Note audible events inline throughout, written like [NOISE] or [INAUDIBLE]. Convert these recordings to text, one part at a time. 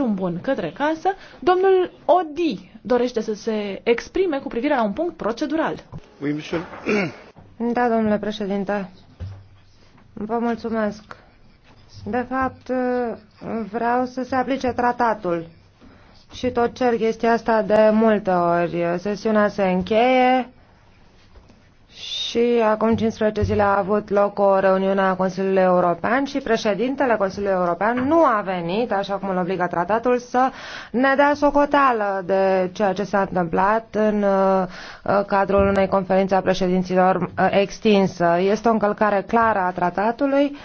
drum bun către casă. Domnul Odi dorește să se exprime cu privire la un punct procedural. [CLEARS THROAT] Da, domnule președinte. Vă mulțumesc. De fapt, vreau să se aplice tratatul. Și tot cer chestia asta de multe ori. Sesiunea se încheie și acum 15 zile a avut loc o reuniune a Consiliului European și președintele Consiliului European nu a venit, așa cum îl obligă tratatul, să ne dea socoteală de ceea ce s-a întâmplat în uh, uh, cadrul unei conferințe a președinților uh, extinsă. Este o încălcare clară a tratatului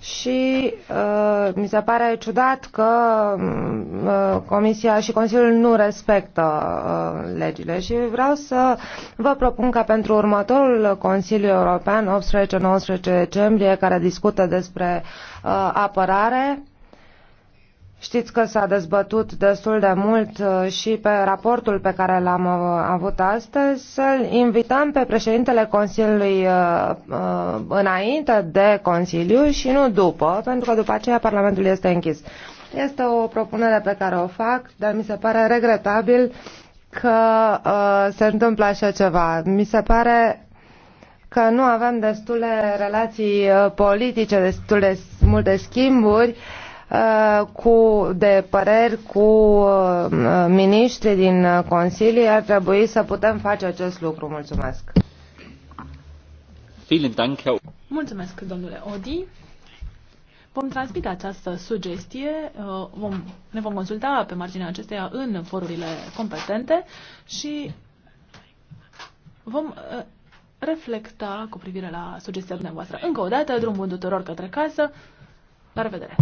și uh, mi se pare ciudat că uh, Comisia și Consiliul nu respectă uh, legile și vreau să vă propun ca pentru următorul Consiliu European 18-19 decembrie care discută despre uh, apărare Știți că s-a dezbătut destul de mult uh, și pe raportul pe care l-am uh, avut astăzi să-l invităm pe președintele Consiliului uh, înainte de Consiliu și nu după, pentru că după aceea Parlamentul este închis. Este o propunere pe care o fac, dar mi se pare regretabil că se întâmplă așa ceva. Mi se pare că nu avem destule relații politice, destule multe schimburi Uh, cu, de păreri cu uh, miniștri din Consilii, ar trebui să putem face acest lucru. Mulțumesc! Mulțumesc, domnule Odi. Vom transmite această sugestie, uh, vom, ne vom consulta pe marginea acesteia în forurile competente și vom reflecta cu privire la sugestia dumneavoastră. Încă o dată, drum bun tuturor către casă. La revedere!